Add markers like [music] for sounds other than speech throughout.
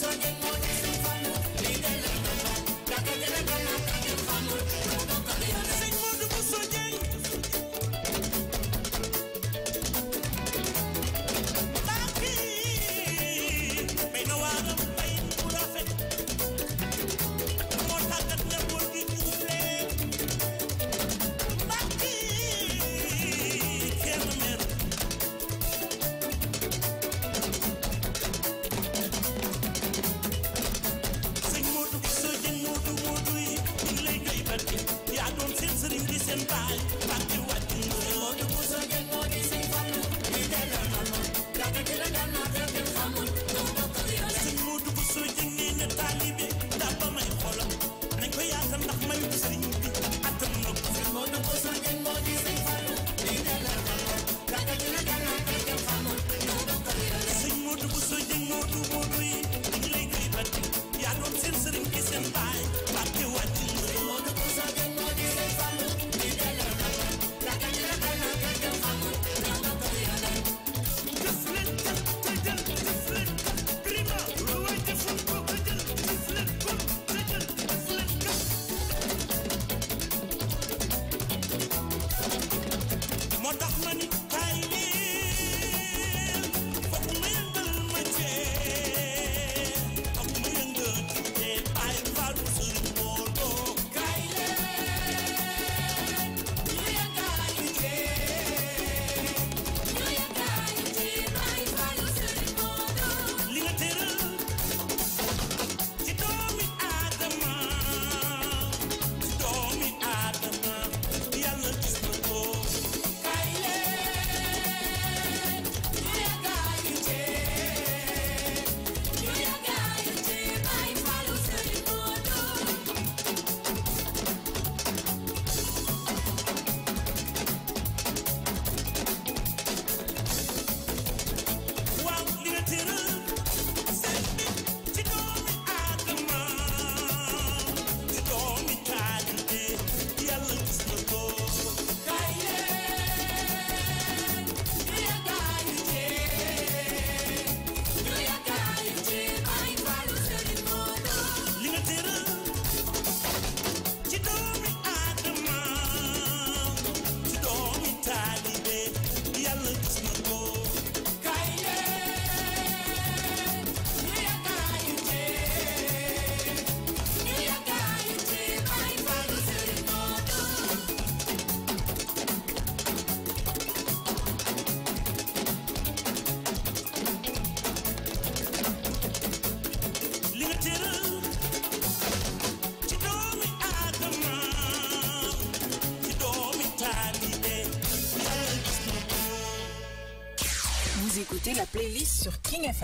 soñé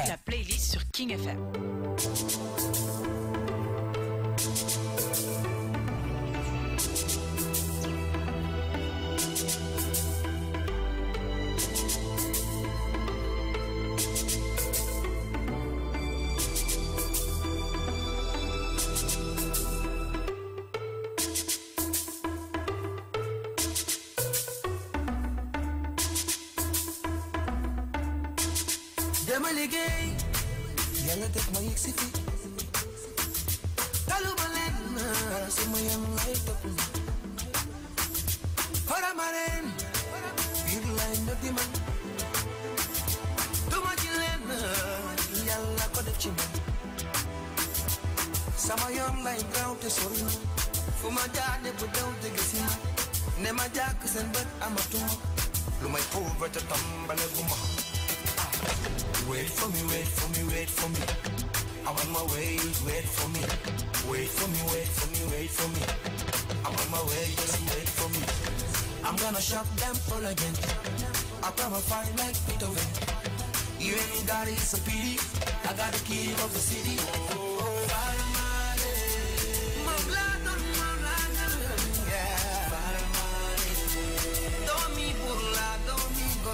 La playlist sur King FM. my jackson, but I'm a dog. Look my over the tumbler guma. Wait for me, wait for me, wait for me. I'm on my way, wait for me. Wait for me, wait for me, wait for me. I'm on my way, just wait for me. I'm gonna shock them all again. I come a fight like Beethoven. You ain't got it, a pity. I got the key of the city.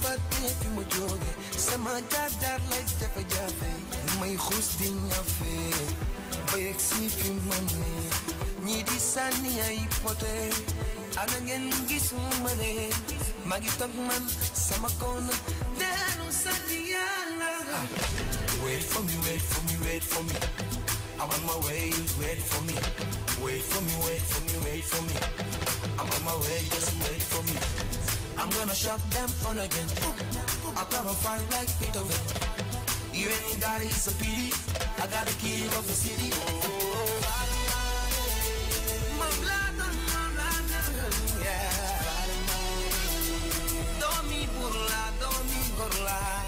fàtte fi jóge sama lay jafe-jafe may di ñafe ba si fi di sànni ay pote ana ngeen gis man sama yàlla wait for me wait for me wait for me I'm on my way wait for me wait for me wait for me wait for me I'm on my way just wait for me I'm gonna shut them on again. I come fight like Beethoven. You ain't got it, it's a pity. I got the key of the city. Oh, my blood, yeah. Don't me burla, don't me burla.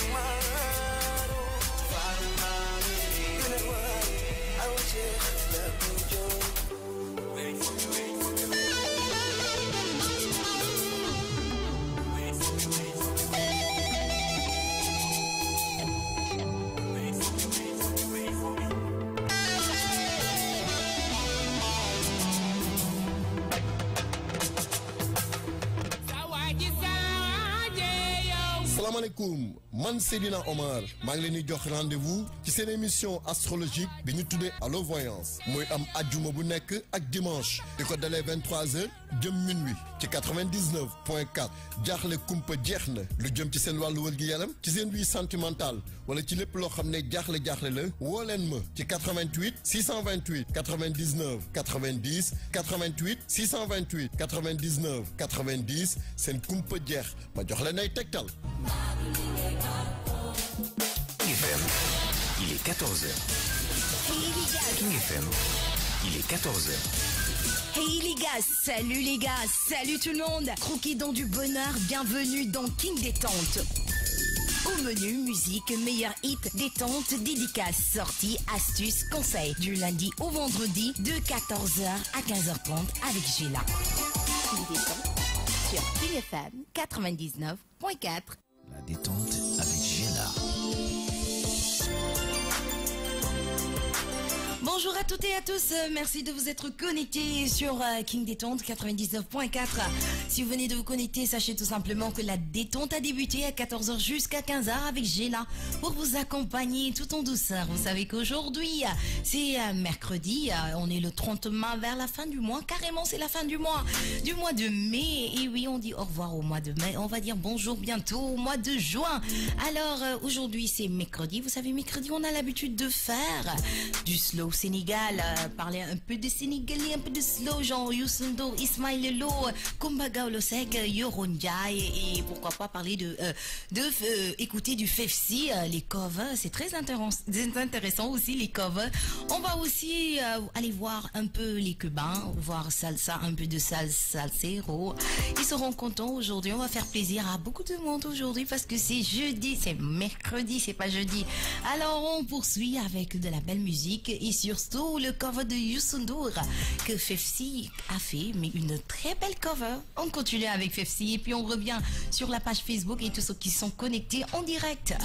salaamaaleykum man Seydina Omar maa ngi leni jox rendez-vous ci sen émission astrologique bi ñu à Allo Voyance moy am ajjuma bu nek ak dimanche diko dalé 23h jëm minuit ci 99.4. jaxlé 4 jaaxle kumpa jeex lu jëm ci sen walu wër gi yaram ci sen vie sentimentale wala ci lepp lo xamné jaxlé jaxlé jaaxle la woo leen ma ci 88 628 99 90 88 628 99 90 sen kumpa jeex ma jox leen ay tegtal. King FM, il est 14h. King FM, il est 14h. Hey les gars, salut les gars, salut tout le monde Croquis dans du bonheur, bienvenue dans King Détente au menu, musique, meilleur hit, détente, dédicace, sortie, astuces, conseils. Du lundi au vendredi, de 14h à 15h30 avec Géla King Détente sur FM, 99.4. La détente Bonjour à toutes et à tous, euh, merci de vous être connectés sur euh, King Détente 99.4. Si vous venez de vous connecter, sachez tout simplement que la détente a débuté à 14h jusqu'à 15h avec Géla pour vous accompagner tout en douceur. Vous savez qu'aujourd'hui, c'est euh, mercredi, on est le 30 mai vers la fin du mois, carrément c'est la fin du mois, du mois de mai. Et oui, on dit au revoir au mois de mai, on va dire bonjour bientôt au mois de juin. Alors aujourd'hui c'est mercredi, vous savez mercredi on a l'habitude de faire du slow au Sénégal, euh, parler un peu de Sénégalais, un peu de slow, genre Yusundo, Ismail Lo, Kumbaga Olosek, euh, Yoronjai, et pourquoi pas parler de, euh, de écouter du Fefsi, les covers, c'est très intéressant aussi les covers. On va aussi aller voir un peu les Cubains, voir salsa, un peu de salsa, salsero. Ils seront contents aujourd'hui, on va faire plaisir à beaucoup de monde aujourd'hui parce que c'est jeudi, c'est mercredi, c'est pas jeudi. Alors on poursuit avec de la belle musique surtout le cover de Yusundur que Fefsi a fait, mais une très belle cover. On continue avec Fefsi et puis on revient sur la page Facebook et tous ceux qui sont connectés en direct.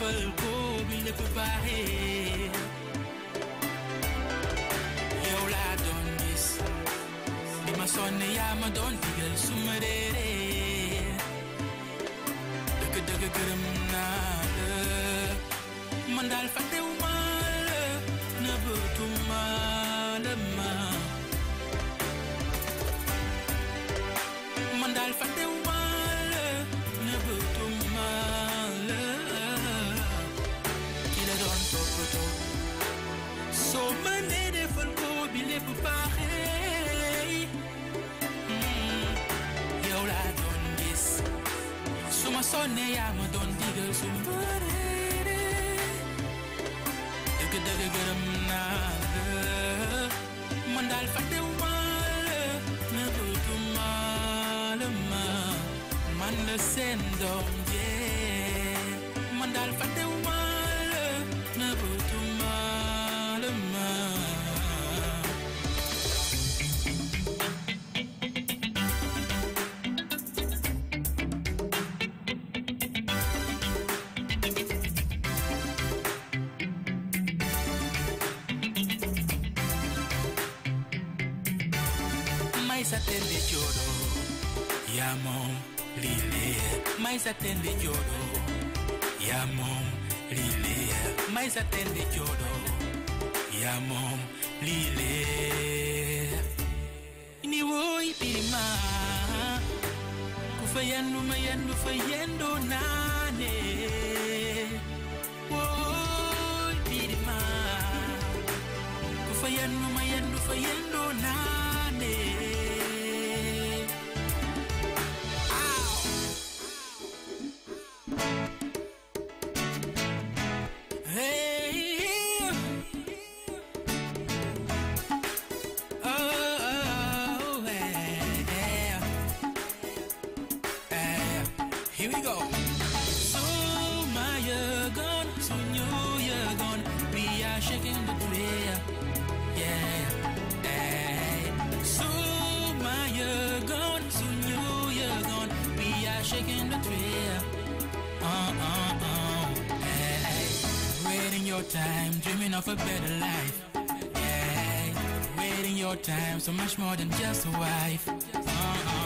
falco il ne peut pas rire Yow laa doon gis ma sonn yaa ma doon digal dëgg man atende lloro amo lile mais atende lloro amo lile mais atende lloro Here we go. So my year gone, so new year gone. We are shaking the prayer. Yeah. Hey. So my year gone, so new year gone. We are shaking the prayer. Uh uh uh. Hey. Waiting your time, dreaming of a better life. Waiting your time, so much more than just a wife. Uh uh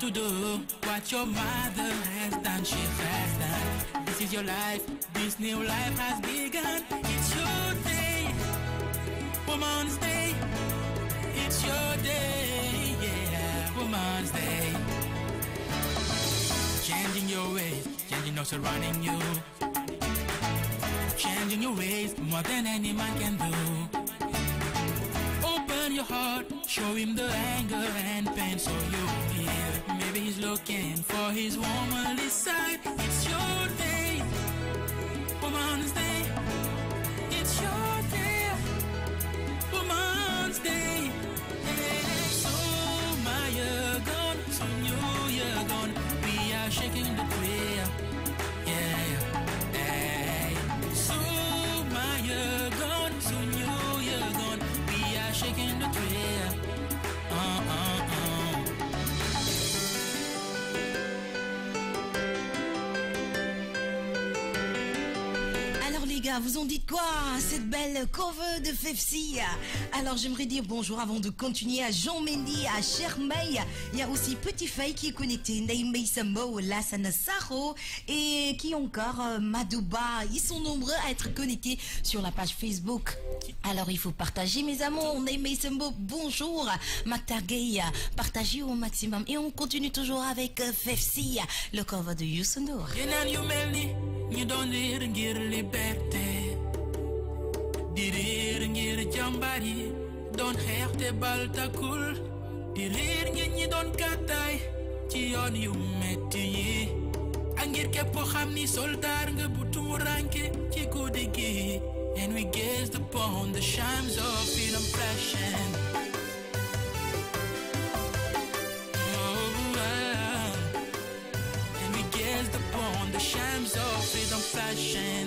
to do what your mother has done, she has done. This is your life, this new life has begun. It's your day, woman's day. It's your day, yeah, woman's day. Changing your ways, changing what's surrounding you. Changing your ways more than any man can do. Show him the anger and pain so you feel. Maybe he's looking for his womanly side. It's your day, woman's day. vous en dites quoi Cette belle cover de Fefsi Alors j'aimerais dire bonjour avant de continuer à Jean Mendy, à Chermeil. Il y a aussi Petit Fay qui est connecté, Naimei Sambo, Lassana Saro et qui encore euh, Madouba. Ils sont nombreux à être connectés sur la page Facebook. Alors il faut partager mes amours. Naimei Sambo, bonjour. Maktagay, partagez au maximum. Et on continue toujours avec euh, Fefsi, le cover de Youssou xeex di réer ngir jàmbaar yi doon xeex te bal di réer ngir ñi doon gàttaay ci yoon yu metti yi ak ngir képp xam nga ci and we gaze upon the shams of freedom flashing shams of freedom flashing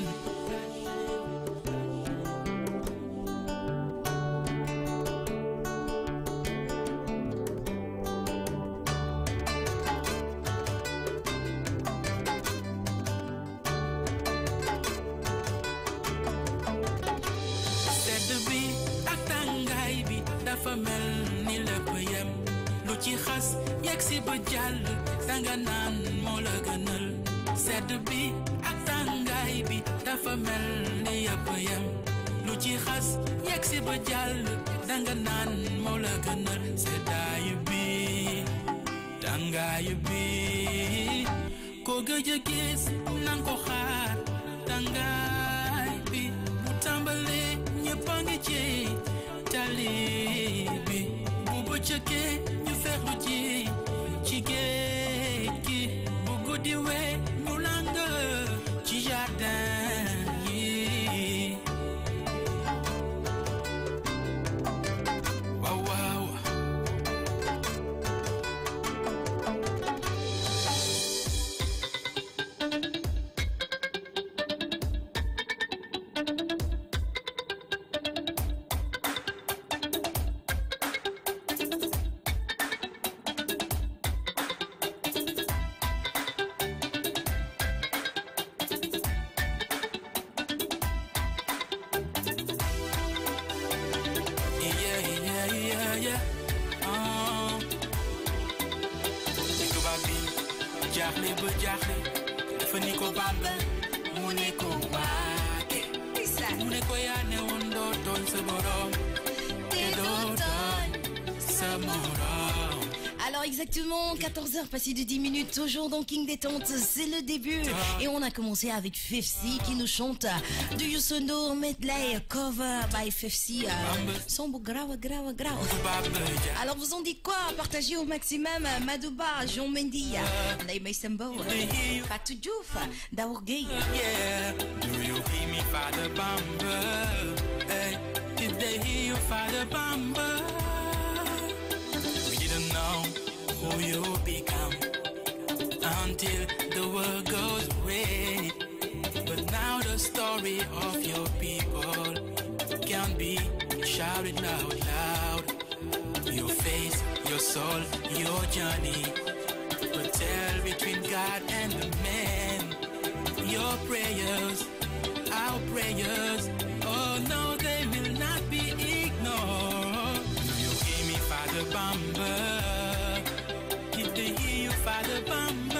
Good you give? Passé de 10 minutes, toujours dans King Détente, c'est le début. Et on a commencé avec Fefsi qui nous chante Do You Sono Medley Cover by Fefsi. Euh, Sombo Grawa Grawa Grawa. Alors vous en dites quoi Partagez au maximum Madouba, Jean Mendy, Les Fatou Diouf, Daour Gay. Do you hear me, Father Bamba? did they hear you, Father Bamba? who you become until the world goes away. But now the story of your people can be shouted loud, loud. Your face, your soul, your journey. But tell between God and the man. Your prayers, our prayers. Oh no, they will not be. By the bum.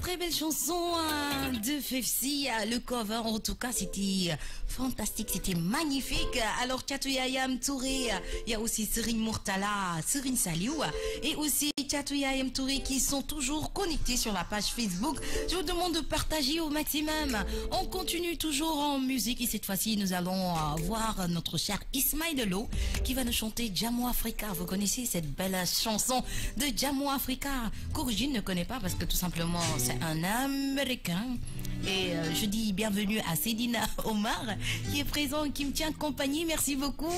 Très belle chanson hein, de Fefsi, euh, le cover en tout cas c'était euh, fantastique, c'était magnifique. Alors, Tchatouyayam Touré, il y a aussi Serine Murtala, Serine Saliou et aussi Yam Touré qui sont toujours connectés sur la page Facebook. Je vous demande de partager au maximum. On continue toujours en musique et cette fois-ci, nous allons euh, voir notre cher Ismail Lo qui va nous chanter Jamo Africa. Vous connaissez cette belle chanson de Jamo Africa qu'Origine ne connaît pas parce que tout simplement, c'est un Américain. Et euh, je dis bienvenue à Cédina [laughs] Omar qui est présent, qui me tient compagnie. Merci beaucoup.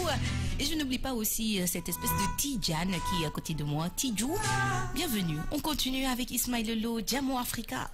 Et je n'oublie pas aussi euh, cette espèce de Tijan qui est à côté de moi, Tijou. Bienvenue. On continue avec Ismail Lolo, Diamant Africa.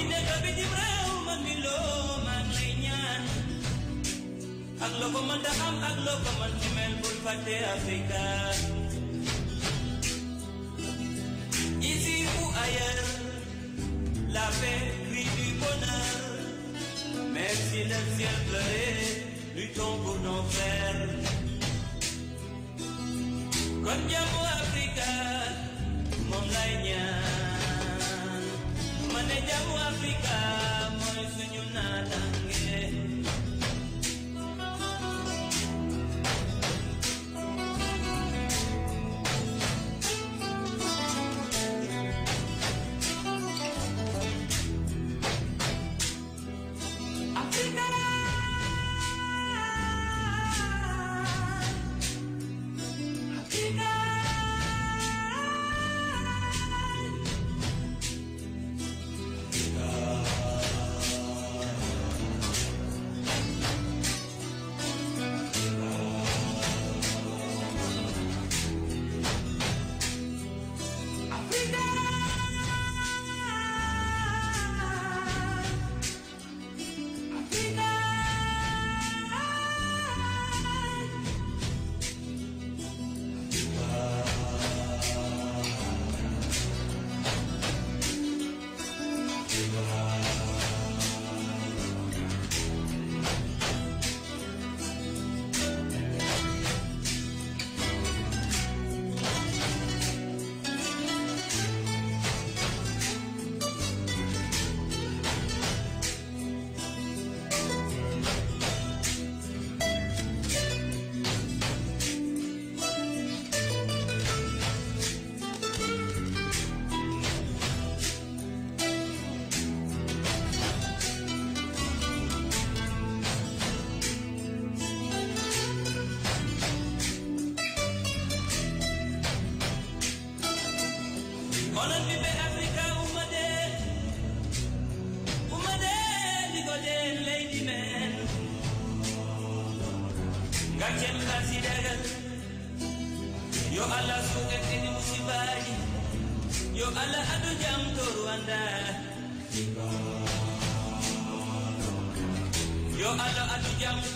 Pamilya Gabi Jibril, manilom ang linyan. Aglo ko man daam, aglo ko man si Melbourne, pati Africa.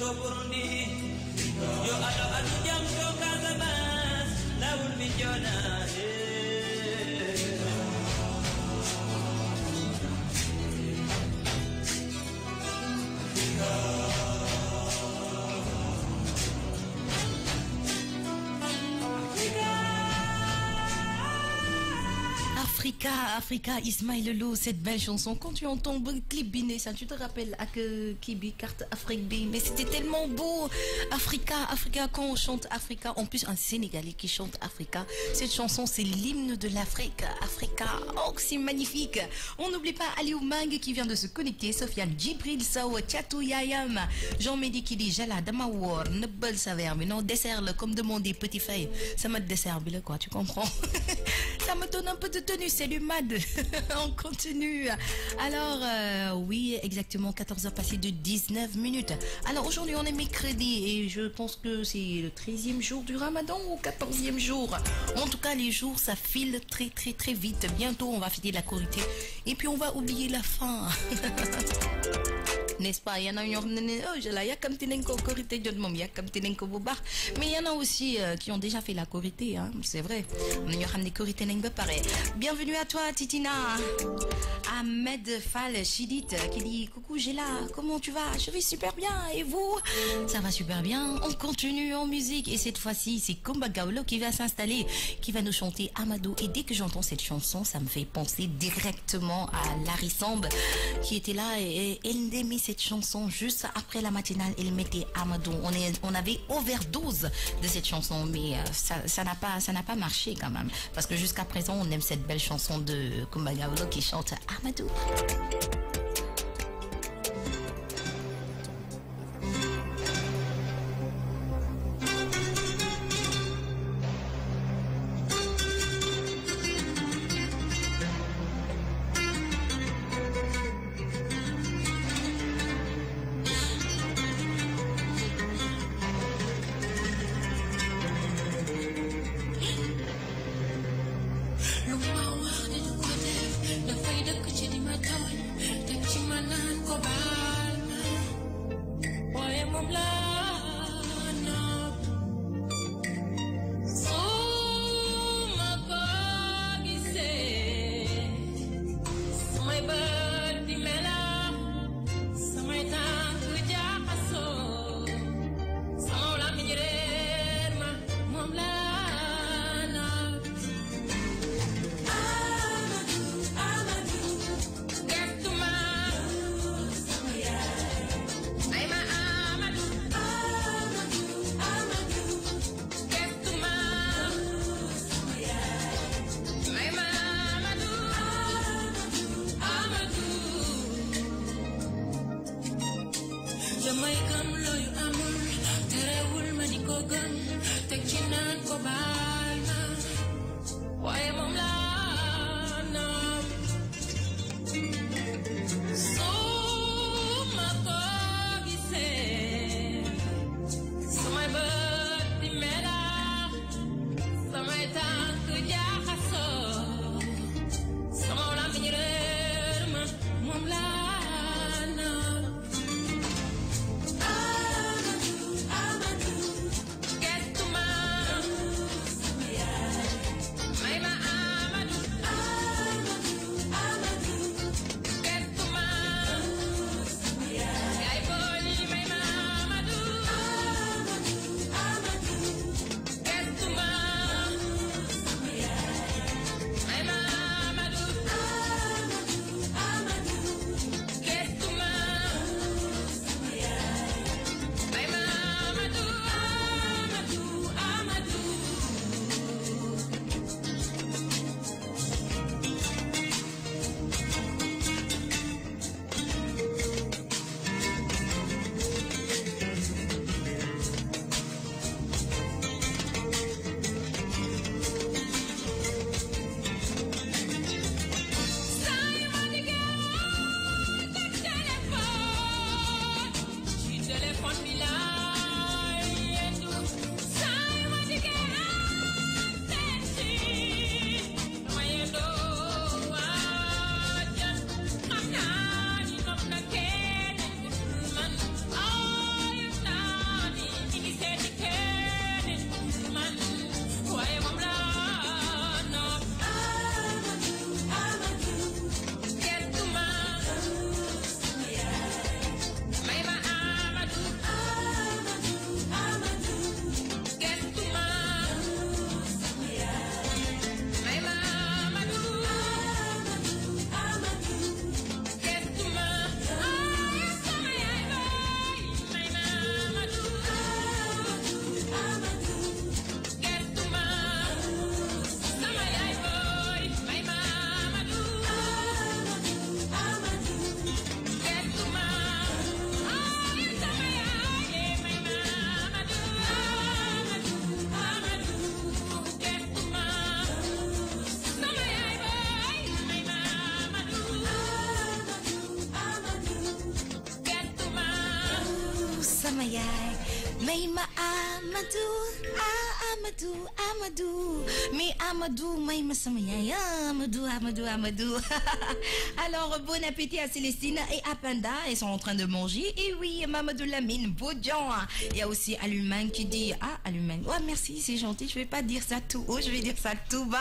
Gracias. Africa, Ismaël Lolo, cette belle chanson. Quand tu entends le clip Biné, ça, tu te rappelles à que Kibi, carte Afrique B. Mais c'était tellement beau. Africa, Africa, quand on chante Africa, en plus, un Sénégalais qui chante Africa. Cette chanson, c'est l'hymne de l'Afrique. Africa, oh, c'est magnifique. On n'oublie pas Aliou Mang qui vient de se connecter. Sofiane Djibril Sao, Tchatou Yayam. Jean medi qui dit Jala, Nebel Saver. Mais non, dessert-le, comme demandé, petit feuille. Ça me dessert, quoi, tu comprends. [laughs] ça me donne un peu de tenue, c'est lui Mad, [laughs] on continue. Alors, euh, oui, exactement, 14h passé de 19 minutes. Alors, aujourd'hui, on est mercredi et je pense que c'est le 13e jour du ramadan ou 14e jour. En tout cas, les jours, ça file très, très, très vite. Bientôt, on va finir la corité et puis on va oublier la fin [laughs] n'est-ce pas y en a y en a aussi euh, qui ont déjà fait la korité hein c'est vrai bienvenue à toi Titina Ahmed Fal Chidit euh, qui dit coucou j'ai là. comment tu vas je vais super bien et vous ça va super bien on continue en musique et cette fois-ci c'est Kumba gaolo qui va s'installer qui va nous chanter Amadou et dès que j'entends cette chanson ça me fait penser directement à Larry qui était là et, elle cette chanson juste après la matinale. Il mettait Amadou. On, est, on avait overdose de cette chanson, mais euh, ça, n'a pas, ça n'a pas marché quand même. Parce que jusqu'à présent, on aime cette belle chanson de Olo qui chante Amadou. Maïma Amadou, ah Amadou, Amadou, mais Amadou, Maïma Samaya, Amadou, Amadou, Amadou. [laughs] Alors bon appétit à Célestine et à Panda, ils sont en train de manger. Et oui, Mamadou Lamine, Boudjan. Il y a aussi Aluman qui dit, ah Ouais, merci, c'est gentil. Je vais pas dire ça tout haut, je vais dire ça tout bas.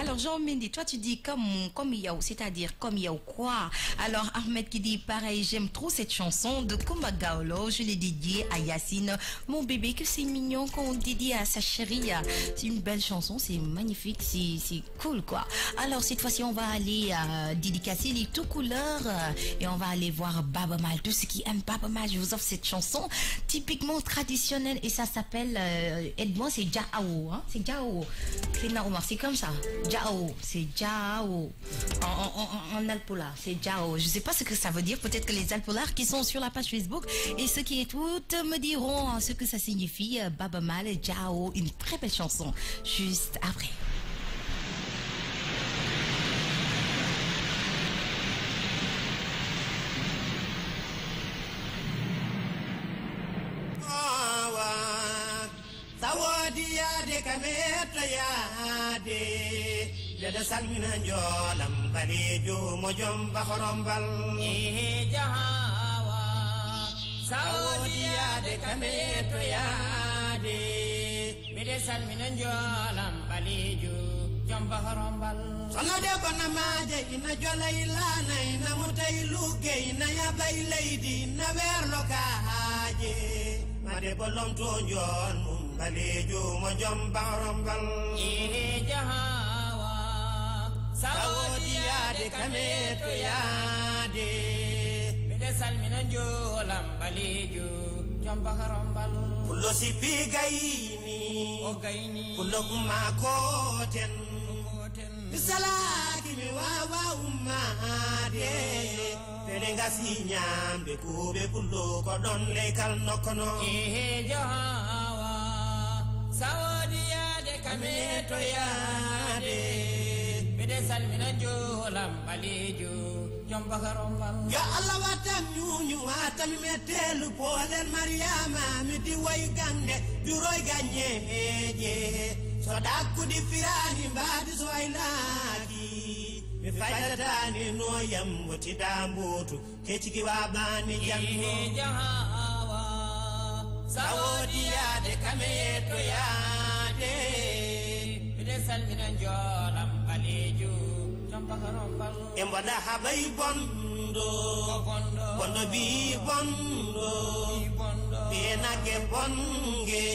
Alors, Jean Mendy, toi, tu dis comme, comme Yao, c'est-à-dire comme Yao quoi. Alors, Ahmed qui dit pareil, j'aime trop cette chanson de Kumba Gaolo. Je l'ai dédiée à Yacine, mon bébé, que c'est mignon qu'on dédie à sa chérie. C'est une belle chanson, c'est magnifique, c'est cool, quoi. Alors, cette fois-ci, on va aller à euh, dédicacer les tout couleurs euh, et on va aller voir Baba Mal. ce ceux qui aiment Baba Mal, je vous offre cette chanson typiquement traditionnelle et ça s'appelle euh, aide-moi, c'est Jaao, C'est Jao. Hein. c'est comme ça. Jao, c'est Jao. En, alpola, c'est Jao. Je ne sais pas ce que ça veut dire. Peut-être que les alpolars qui sont sur la page Facebook et ceux qui écoutent me diront hein, ce que ça signifie. Euh, Baba Mal, Jao, une très belle chanson. Juste après. dee dada sang na yaade mide salmina baleejo jom ba xorombal sonode bona maaje ina jolay laanay na mutay luggey na yabay leydi na weerlo kaaje made bolomto njon mum balejo mo jom barombal ine jahawa sawodi yaade kame to yaade mbiɗe salmina njolam balejo jom bakarombal pullo sippi gayni o gayni pullo umma koten bisalakini wawa ummade tele gasi ñamde kuɓe pullo ko ɗon leykal nokkono ehe jahawa sawodiyade kametoyade mbeɗe salmina jolam ɓalejo jom bakarombal yo allah wattan ñuñu watami mettelu poolen mariama mi diwoy gande juroy gañeheje so ɗakku firani mbaadi so aylaaki mi faytatani no yambotiɗa mbotu keccikiwa bani jammo jahawa sawodiyade kame to yaade miɗen salminan jolam baleju e mbaɗa haɓay bondo bondo mbi bondo ɓe nagge bonge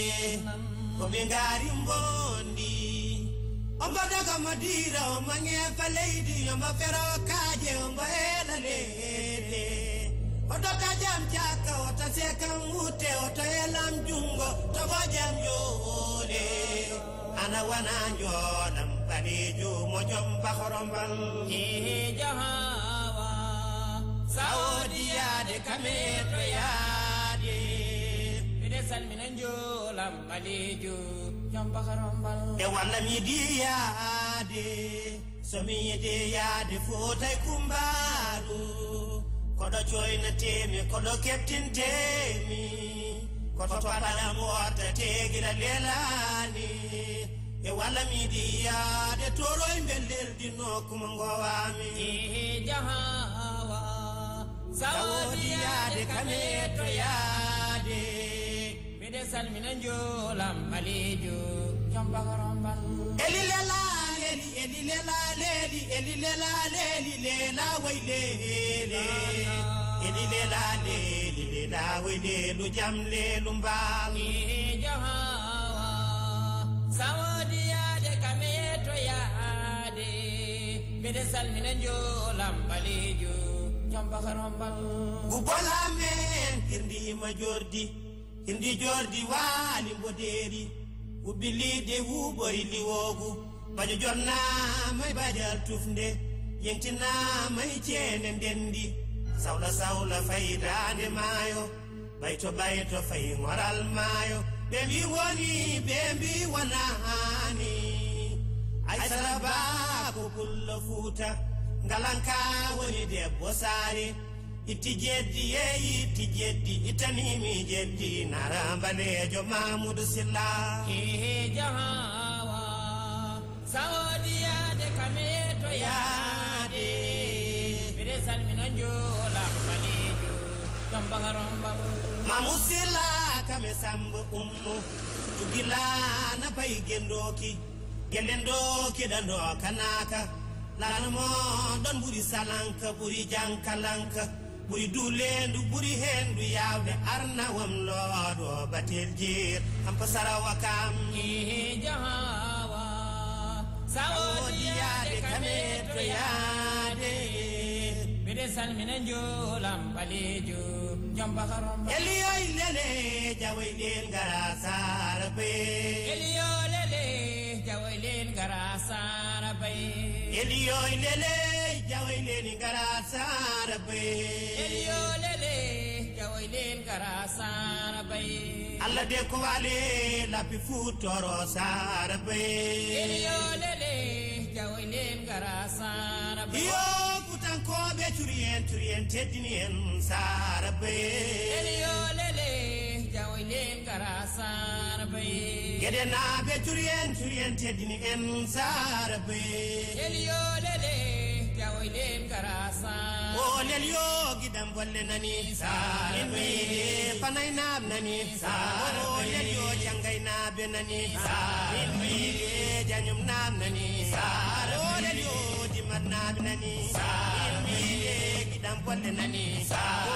omingari mboni ombadoga madira omang'efa leidi omafero kaje omboela lele odoka jamchaka otaseka ngute otoela mjungo togoja myole anawana njona mpani jumojomba horombal jahawa saudi yade kameto yade salmina njoolam maleejo jompakarombal e walla mi yidiyaade somi yidiyaade fotay kumbaaru koɗo coynatemi koɗo keptintemi koto paɗanam otta tegira lelani e walla mi yidiyaade toroye mbellirdi nokkuma ngowami jahawa de, kame to de mide salmina njolam alijo jombagorombal elilela leli elilela leli elilela leli lela waylele elilela leli lela waylelu jam lelu mbal jahawa sawodiyade kameyeto yaade mide salmina njolam alijo jombagorombal gubola men kirdima jordi indi jordi waali mbodeeri wubbilliide wuuɓori liwoogu bajo jorna e bajar tufnde yentinaama e ceene ndenndi saula saula fayi daande maayo ɓayto ɓayto fayi ngoral maayo ɓe mbi woni ɓe mbi wona haani aysara baako pullo fuuta ngalanka woni debbo saari iti jeddi yeyi iti jeddi itanimi jeddi narambanejo mamoudou silla hehe jahawa sawodiyade kame to yaade mbiɗe salminon joolaako balejo jom bagarombabo mamoudou silla kame samba ummo tugilana bayi gendoki genden ɗo keɗanɗo kanaka lanamo ɗon ɓuuri salanka ɓuuri jankalanka buy du leendu buri heendu yaawde arnawam looɗo batel jeer hampa sarawa kam jahawa sawoodiyaade kame to yaade mbiɗe salmina njoolam ɓaleejo jombakarom eliyoy lele jawoy ɗen ngara saara baye eliyo lele jawoy len ngara saara Elio oh, lele jawoy leen kara Elio oh, lele jawoy leen kara bay Alla de ko wale lapi fu toro saara bay lele oh, jawoy leen kara bay Yo kutankoɓe turi en turi en teddini en saara Elio lele jawoylen ngara sara baye gueɗe naaɓe curi en curi en teddini en sara baye leliyolele jawoylen ngara sara o leliyo giɗam golle nani sara baye fanay naab nani sara o leliyo janggay naaɓe nani sara baye jañum naab nani sara o leliyo dimat naaɓe nani sara baye giɗam golle nani sara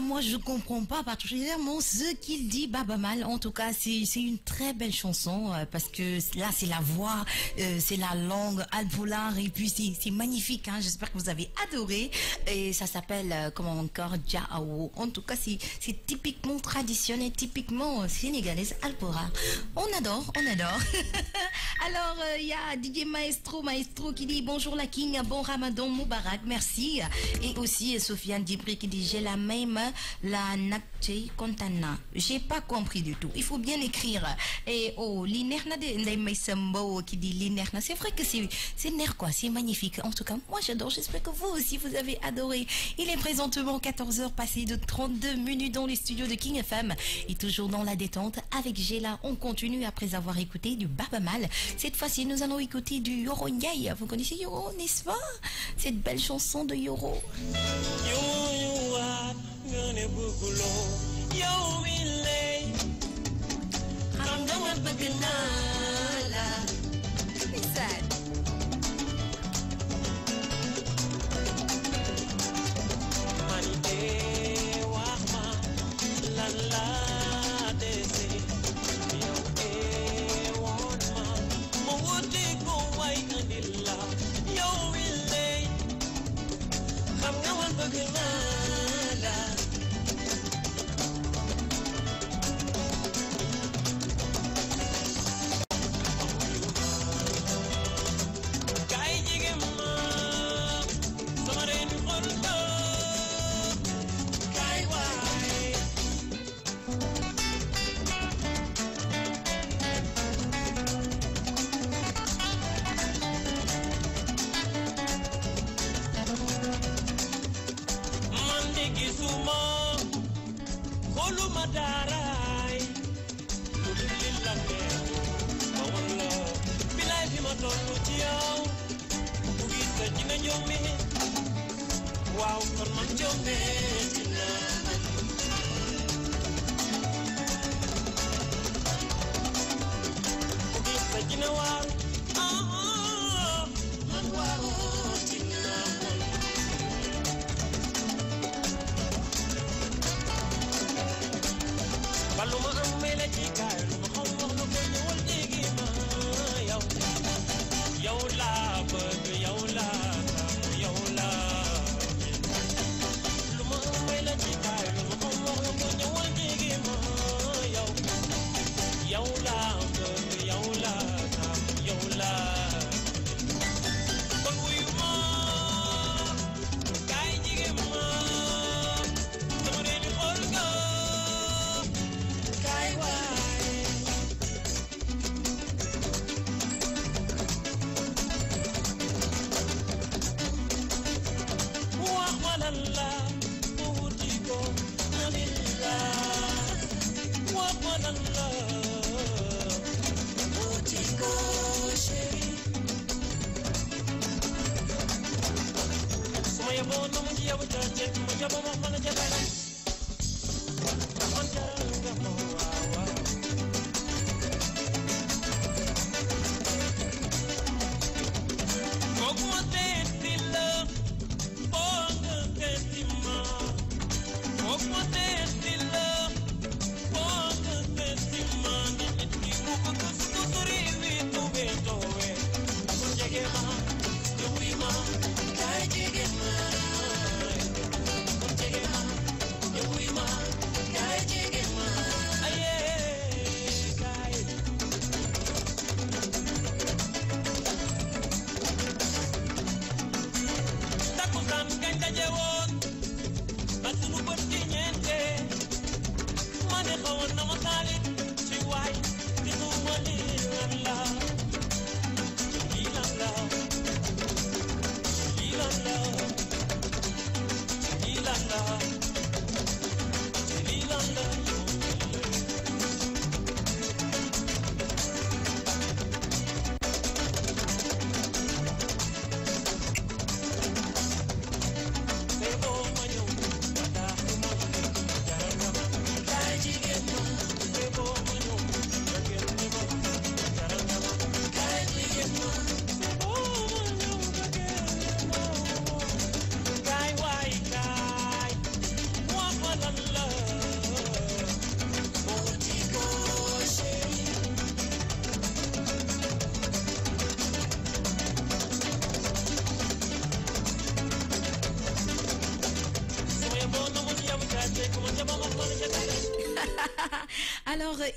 moi, je comprends pas particulièrement ce qu'il dit, Baba Mal. En tout cas, c'est une très belle chanson euh, parce que là, c'est la voix, euh, c'est la langue alpola et puis c'est magnifique. Hein. J'espère que vous avez adoré. Et ça s'appelle, euh, comment encore, Jao. En tout cas, c'est typiquement traditionnel, typiquement sénégalaise alpora On adore, on adore. [laughs] Alors, il y a DJ Maestro, Maestro qui dit bonjour la King, bon Ramadan, Moubarak, merci. Et aussi Sofiane Dibri qui dit j'ai la même la nakti kontana. J'ai pas compris du tout. Il faut bien écrire. Et oh, l'inerna de qui dit l'inerna. C'est vrai que c'est nerf quoi. C'est magnifique. En tout cas, moi j'adore. J'espère que vous aussi vous avez adoré. Il est présentement 14h passé de 32 minutes dans les studios de King FM. Et toujours dans la détente avec Gela. On continue après avoir écouté du Baba Mal. Cette fois-ci, nous allons écouter du Yoro Vous connaissez Yoro, n'est-ce pas? Cette belle chanson de Yoro. Ah, yoone bëgguloo yow mi lay xam nga ma bëgg naa la Medical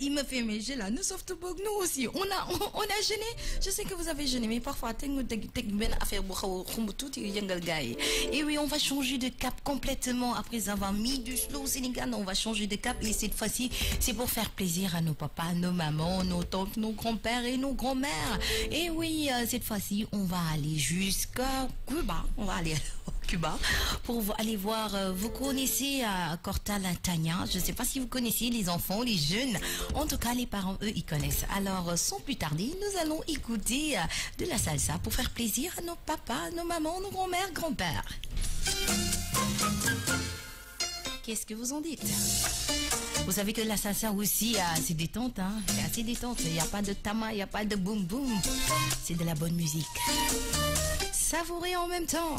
il me fait mes j'ai là. Nous, sauf tout nous aussi. On a, on, a gêné. Je sais que vous avez gêné, mais parfois, et oui, on va changer de cap complètement après avoir mis du slow au Sénégal. On va changer de cap et cette fois-ci, c'est pour faire plaisir à nos papas, nos mamans, nos tantes, nos grands-pères et nos grands-mères. Et oui, euh, cette fois-ci, on va aller jusqu'à Cuba. On va aller Cuba pour aller voir. Euh, vous connaissez à euh, Cortal Tania. Je ne sais pas si vous connaissez les enfants, les jeunes. En tout cas, les parents, eux, ils connaissent. Alors, euh, sans plus tarder, nous allons écouter de la salsa pour faire plaisir à nos papas, nos mamans, nos grands-mères, grands-pères. Qu'est-ce que vous en dites vous savez que l'assassin aussi, c'est détente, hein. C'est assez détente. Il n'y a pas de tama, il n'y a pas de boum boum. C'est de la bonne musique. Savourez en même temps.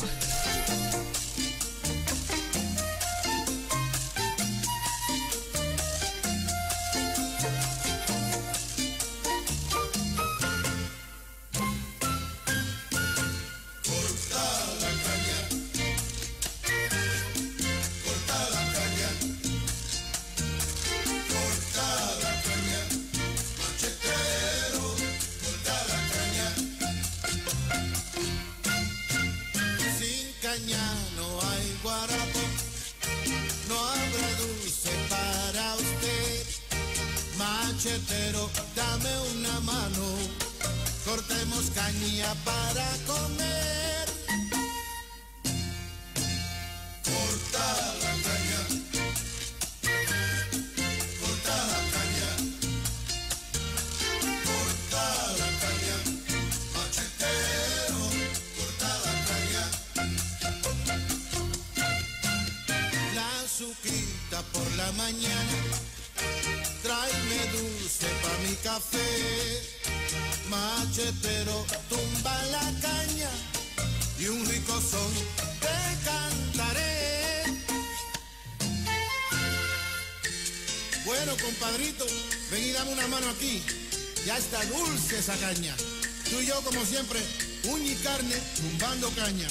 machetero, dame una mano. Cortemos caña para comer. Padrito, ven y dame una mano aquí. Ya está dulce esa caña. Tú y yo, como siempre, uña y carne, tumbando caña.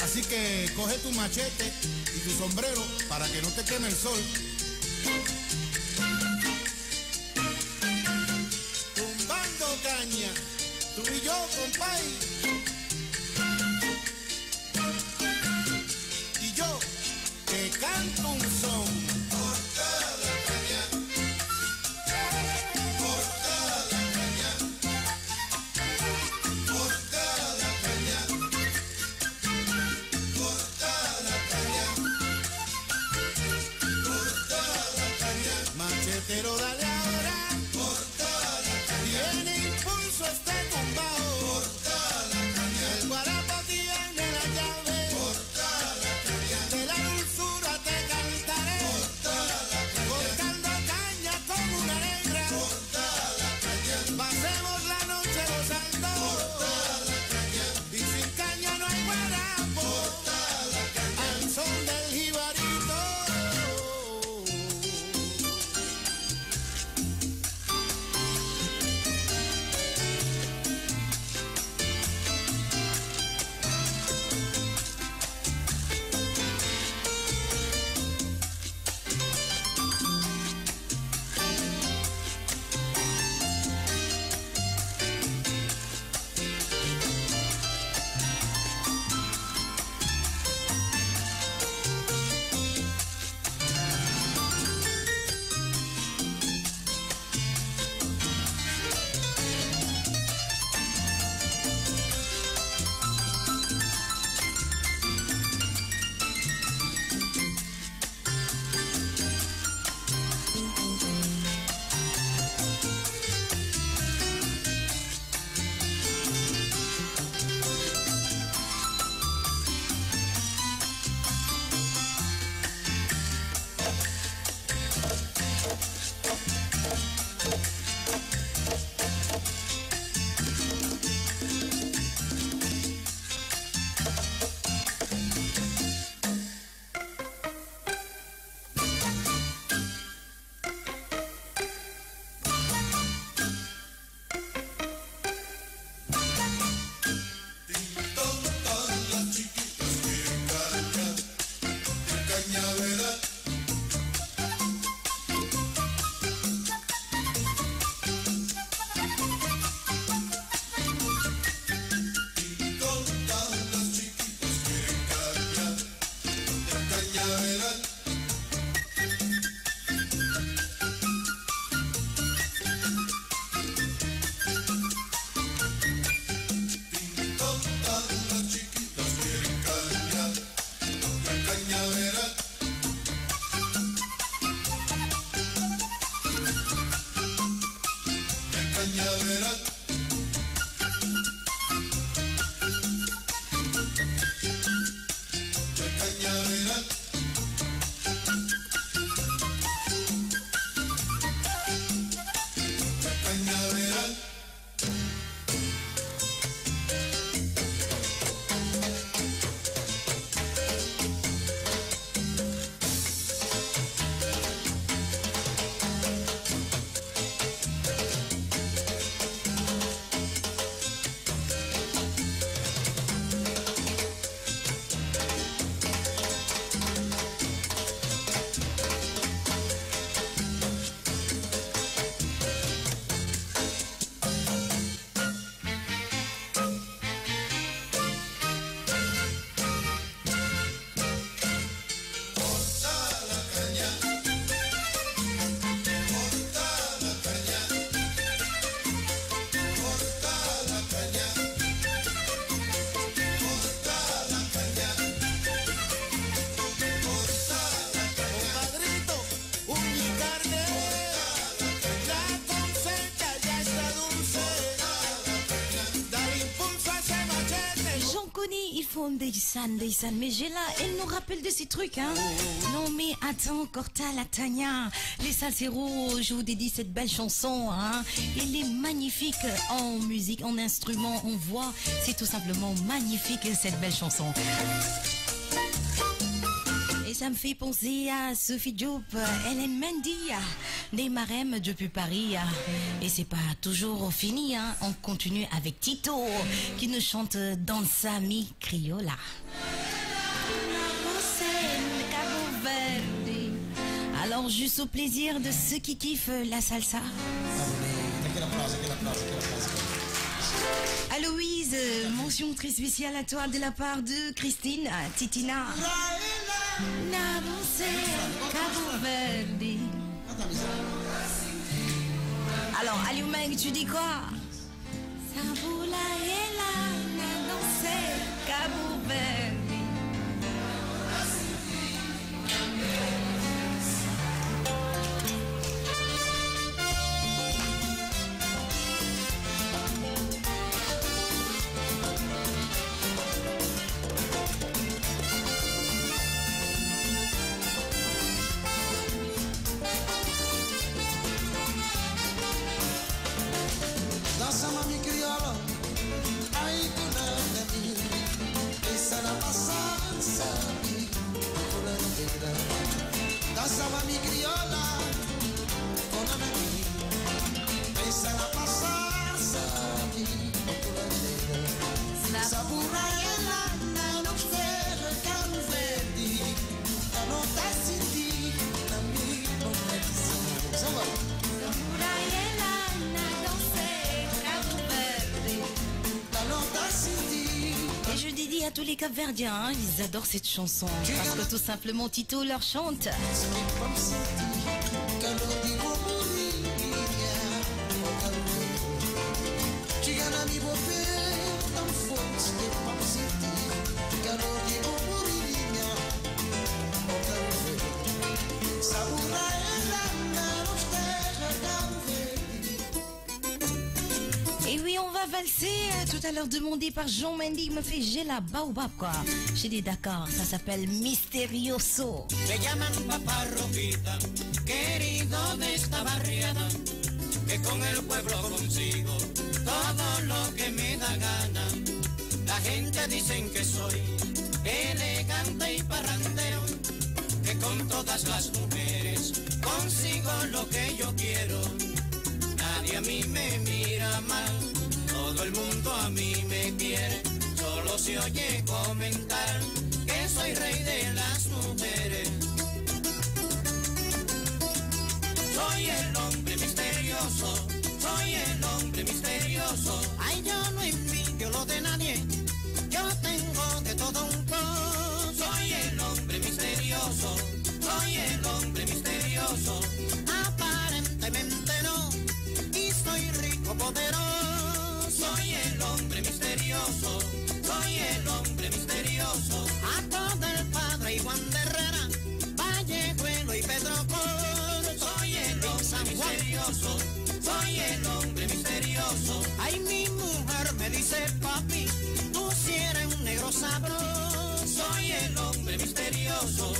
Así que coge tu machete y tu sombrero para que no te queme el sol. fond Deysan, Mais j'ai là, elle nous rappelle de ces trucs, hein. Non, mais attends, Corta, la Tania, les Salseros, je vous dédie cette belle chanson, hein. Elle est magnifique en musique, en instrument, en voix. C'est tout simplement magnifique, cette belle chanson ça me fait penser à Sophie Diop, Hélène Mendy, des Marem depuis Paris. Hein. Et c'est pas toujours fini, hein. on continue avec Tito qui nous chante dans sa mi criola Alors juste au plaisir de ceux qui kiffent la salsa. Ah, Allô oui, euh, mention très spéciale à toi de la part de Christine Titina. Alors, Alioumeng, tu dis quoi sola con Amelie. à tous les Capverdiens. Hein, ils adorent cette chanson parce que tout simplement Tito leur chante. A euh, tout à l'heure demandé par Jean Mendy. me fait j'ai la baobab quoi. J'ai dit d'accord, ça s'appelle Misterioso. Me llaman papá Rojita, querido de esta barriada, que con el pueblo consigo todo lo que me da gana. La gente dicen que soy elegante y parrandero, que con todas las mujeres consigo lo que yo quiero. Nadie a mí me mira mal todo el mundo a mí me quiere, solo se oye comentar que soy rey de las mujeres. Soy el hombre misterioso, soy el hombre misterioso. Ay, yo no envidio lo de nadie, yo tengo de todo un poco. Soy el hombre misterioso, soy el hombre misterioso. Aparentemente no, y soy rico poderoso. Soy el hombre misterioso, soy el hombre misterioso. A todo el padre y Juan de Herrera, Vallejuelo y Pedro Soy el hombre misterioso, soy el hombre misterioso. Ay, mi mujer me dice, papi, tú si eres un negro sabroso. Soy el hombre misterioso.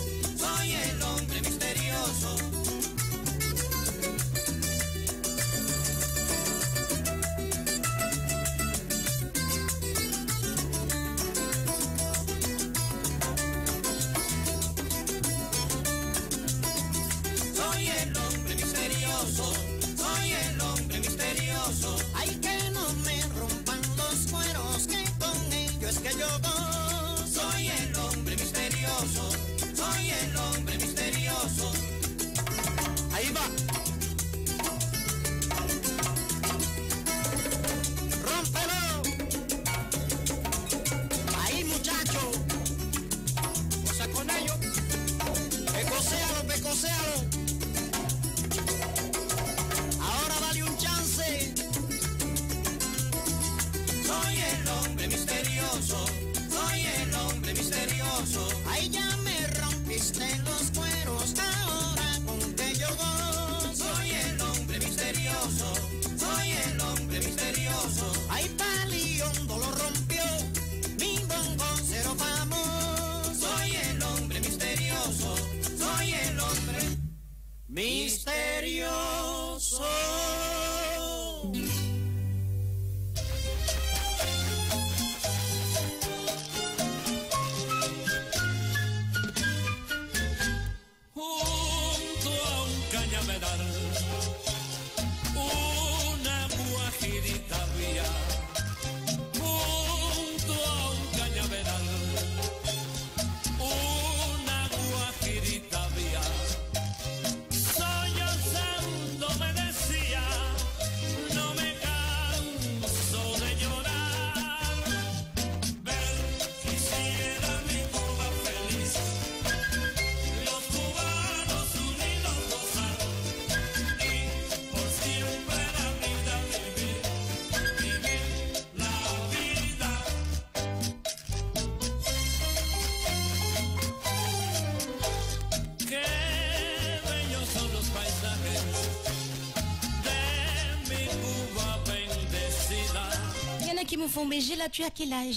mais j'ai la tu à quel âge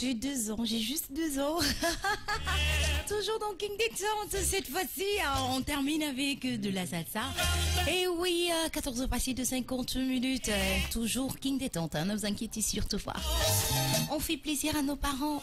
J'ai deux ans, j'ai juste deux ans. [laughs] Toujours dans King Détente, cette fois-ci, hein, on termine avec euh, de la salsa. Et oui, 14 passées de 50 minutes, euh, toujours King Détente, hein, ne vous inquiétez surtout pas. On fait plaisir à nos parents.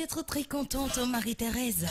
être très contente, Marie-Thérèse.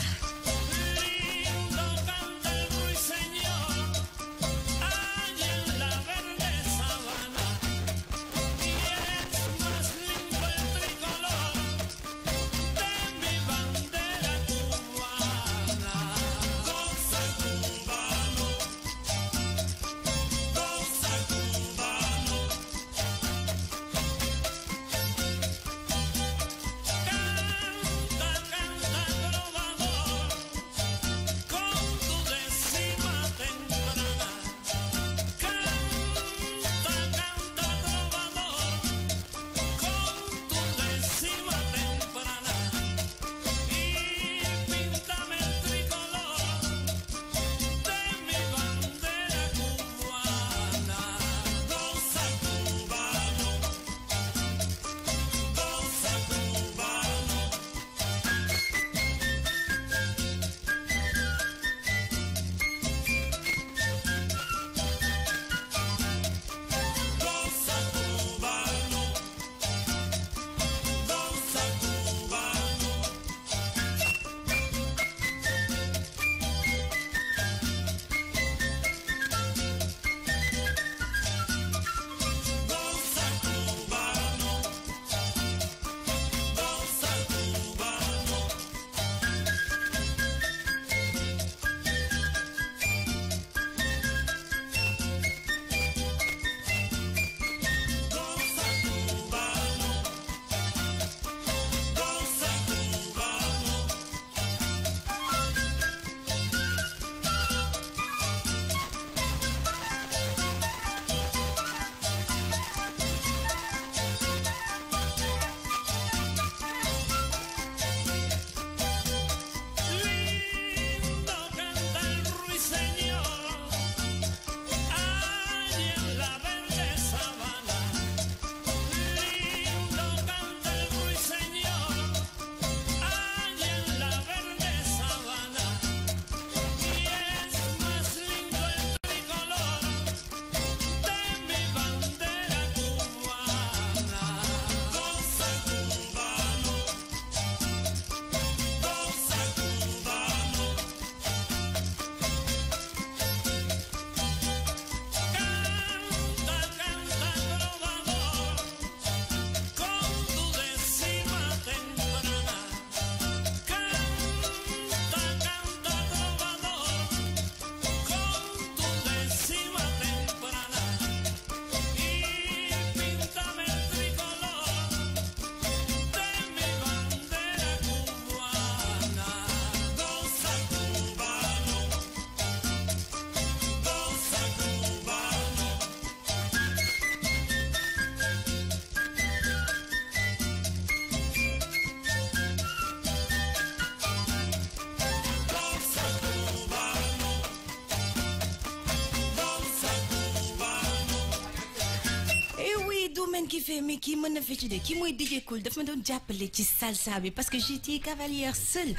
qui fait mais qui m'a na fecc de m'a mooy DJ Cool daf ma donner jàppale ci ça bi parce que j'étais cavalière seule est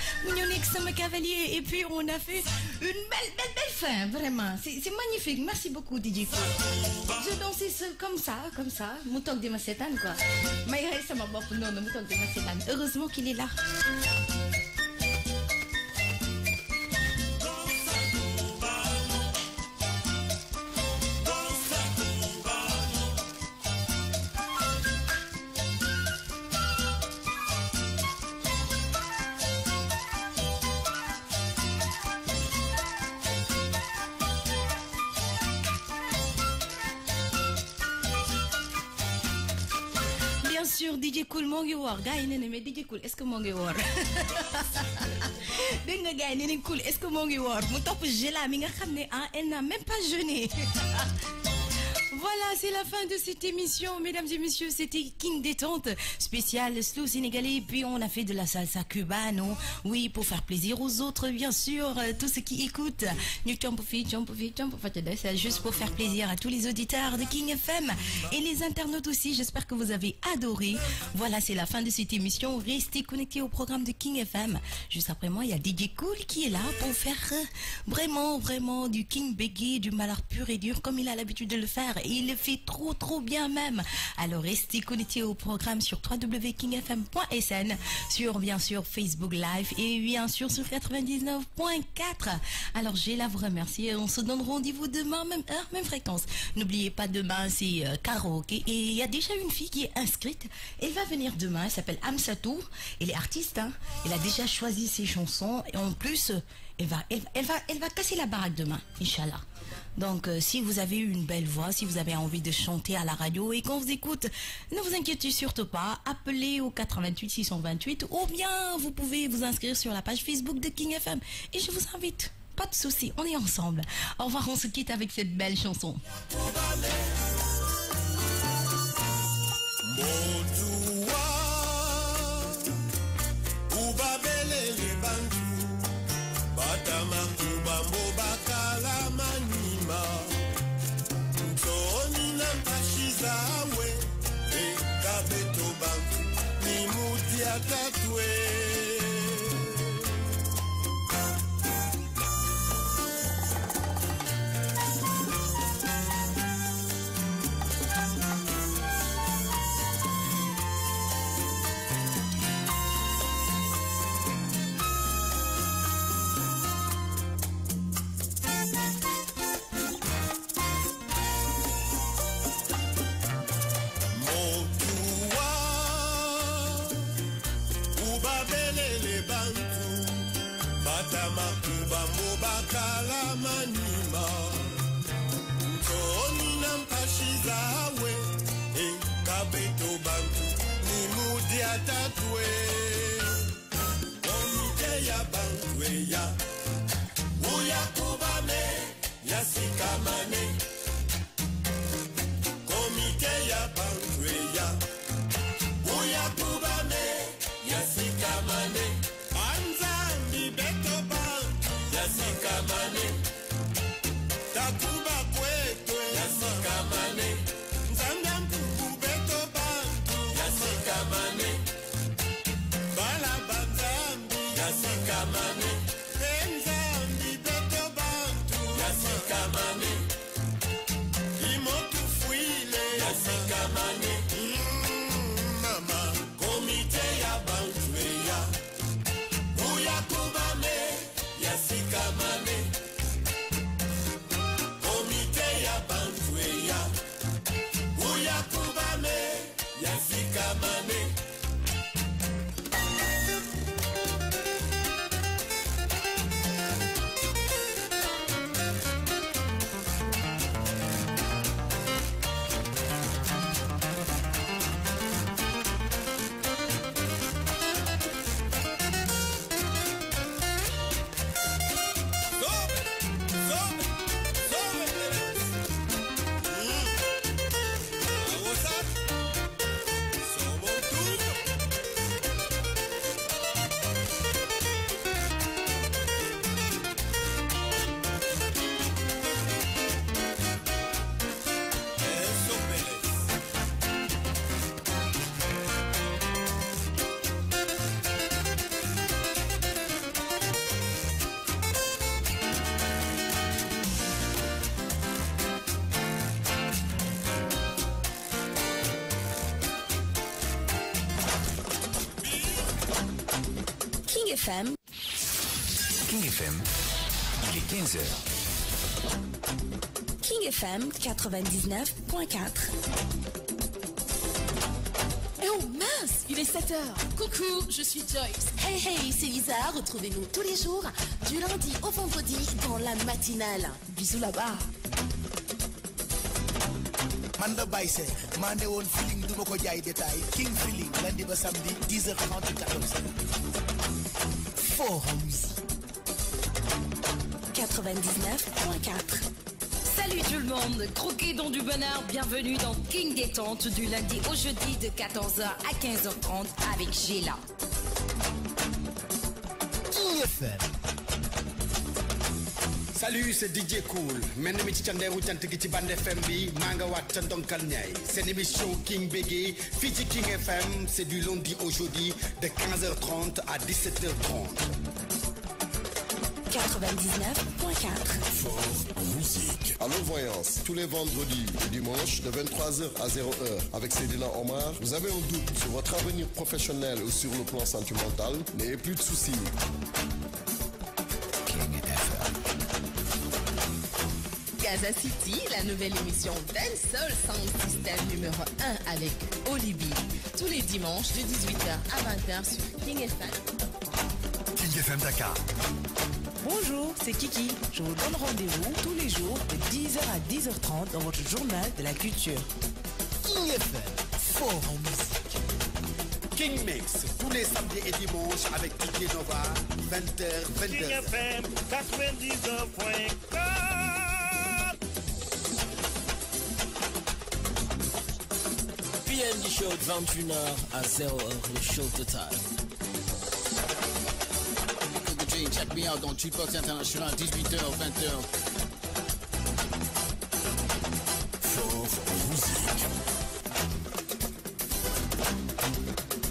que c'est m'a cavalier et puis on a fait une belle belle belle fin vraiment c'est c'est magnifique merci beaucoup DJ je dansais seul comme ça comme ça mon toque de ma seetaan quoi Mais ça m'a pas non mu toque de ma seetaan heureusement qu'il est là moo ngi woor gars yi nee na mais DJ Cool est-ce que moo ngi woor [laughs] dégg nga gars yi nee nañ Cool est-ce que moo ngi woor mu topp Gela mi nga xam ne ah elle n'a même pas [laughs] Voilà, c'est la fin de cette émission, mesdames et messieurs. C'était King Détente, spécial slow sénégalais. Puis on a fait de la salsa cubano. Oui, pour faire plaisir aux autres, bien sûr. Euh, tous ceux qui écoutent. Juste pour faire plaisir à tous les auditeurs de King FM et les internautes aussi. J'espère que vous avez adoré. Voilà, c'est la fin de cette émission. Restez connectés au programme de King FM. Juste après moi, il y a DJ Cool qui est là pour faire euh, vraiment, vraiment du King Beggy, du malheur pur et dur comme il a l'habitude de le faire. Il fait trop, trop bien même. Alors, restez connectés au programme sur www.kingfm.sn, sur bien sûr Facebook Live et bien sûr sur 99.4. Alors, j'ai là vous remercier. On se donne rendez-vous demain, même heure, même fréquence. N'oubliez pas, demain, c'est euh, karaoke. Et il y a déjà une fille qui est inscrite. Elle va venir demain. Elle s'appelle Amsatou. Elle est artiste. Hein. Elle a déjà choisi ses chansons. Et en plus, elle va, elle, va, elle va casser la baraque demain. Inch'Allah. Donc, euh, si vous avez une belle voix, si vous avez envie de chanter à la radio et qu'on vous écoute, ne vous inquiétez surtout pas. Appelez au 88 628 ou bien vous pouvez vous inscrire sur la page Facebook de King FM. Et je vous invite. Pas de souci, on est ensemble. Au revoir, on se quitte avec cette belle chanson. anymore. Femme 99.4. Oh mince, il est 7h. Coucou, je suis Joyce. Hey hey, c'est Lisa. Retrouvez-nous tous les jours, du lundi au vendredi, dans la matinale. Bisous là-bas. 99.4 Salut tout le monde, croquez dans du bonheur, bienvenue dans King Détente du lundi au jeudi de 14h à 15h30 avec Gila. salut c'est DJ Cool FM bi King Bégué Fiji King FM c'est du lundi au jeudi de 15h30 à 17h30 99.4 Fort musique. À voyance, tous les vendredis et dimanches de 23h à 0h avec Cédina Omar, vous avez un doute sur votre avenir professionnel ou sur le plan sentimental, n'ayez plus de soucis. Casa City, la nouvelle émission d'un seul Sound système numéro 1 avec Olibi. Tous les dimanches de 18h à 20h sur King FM. King FM Dakar. Bonjour, c'est Kiki. Je vous donne rendez-vous tous les jours de 10h à 10h30 dans votre journal de la culture. King FM, fort en musique. King Mix, tous les samedis et dimanches avec Kiki Nova, 20h, 22h. King FM, 99.4. PND show 21h à 0h, le show total me out dans Jukebox International, 18h, 20h. Fort musique.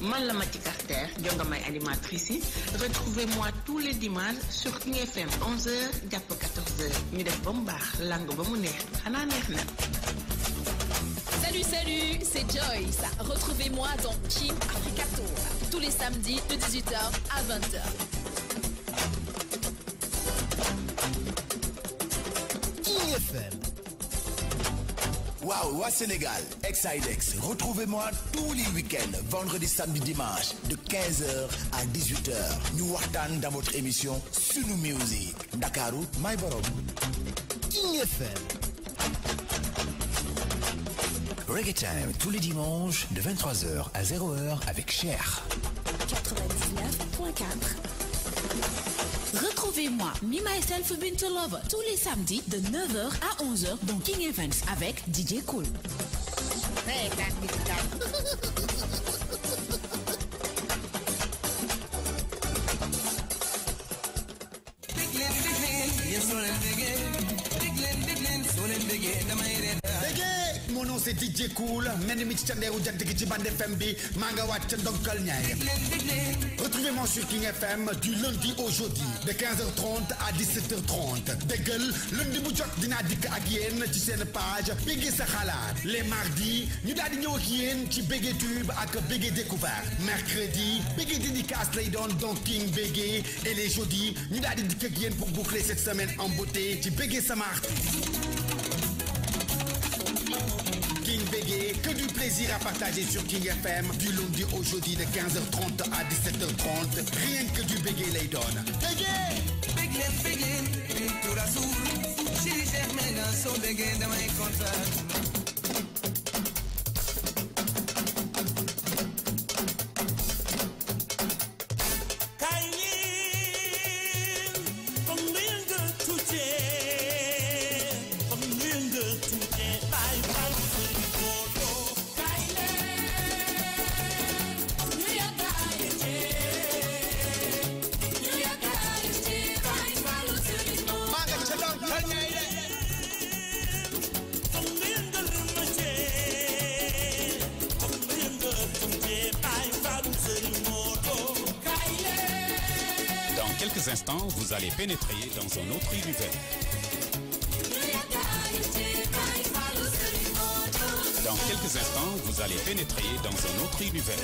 Man la Carter, Djongamaï animatrice. Retrouvez-moi tous les dimanches sur King 11h, Diapo 14h. Mide Bomba, langue bomouner, Salut, salut, c'est Joyce. Retrouvez-moi dans Kim Africato tous les samedis de 18h à 20h. Waouh, à Sénégal Exidex retrouvez-moi tous les week-ends vendredi samedi dimanche de 15h à 18h ñu Wartan dans votre émission Sunu Music Dakarou, may borom Reggae Time tous les dimanches de 23h à 0h avec Cher 99.4 moi Me Myself been to love tous les samedis de 9h à 11h dans King Events avec DJ Cool. c'est DJ Cool Nene ni mi ci candeeru jant gi FM bi Manga nga retrouvez-moi sur King FM du lundi au jeudi de 15h30 à 17h30 gueule, lundi bu dina dinaa agien. Tu sais une page Bégué sa xalaat les mardis nous daal di Tu ak ci Bégué tube ak Bégué découvert mercredi Bégué dédicace lay doon donc King Bégué et les jeudis nous daal di pour boucler cette semaine en beauté ci Bégué Samart. que du plaisir à partager sur King FM du lundi au jeudi de 15h30 à 17h30. Rien que du bégué Laydon. donne bégué. bégué une tour à si un bégué mes pénétrer dans un autre univers. Dans quelques instants, vous allez pénétrer dans un autre univers.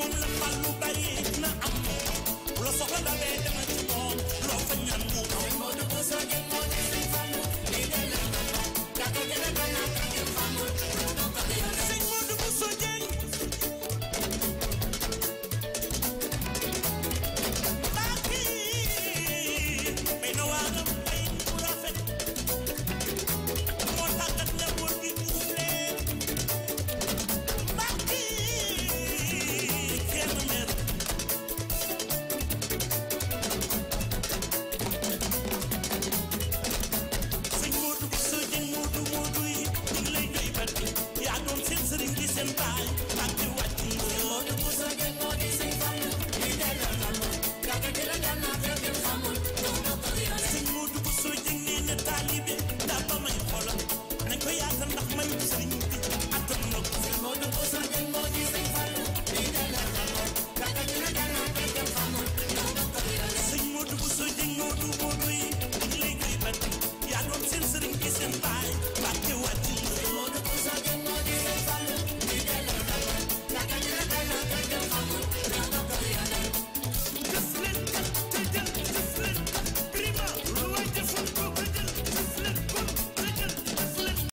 moom la fal lu bari na am la soxla dabee dama ci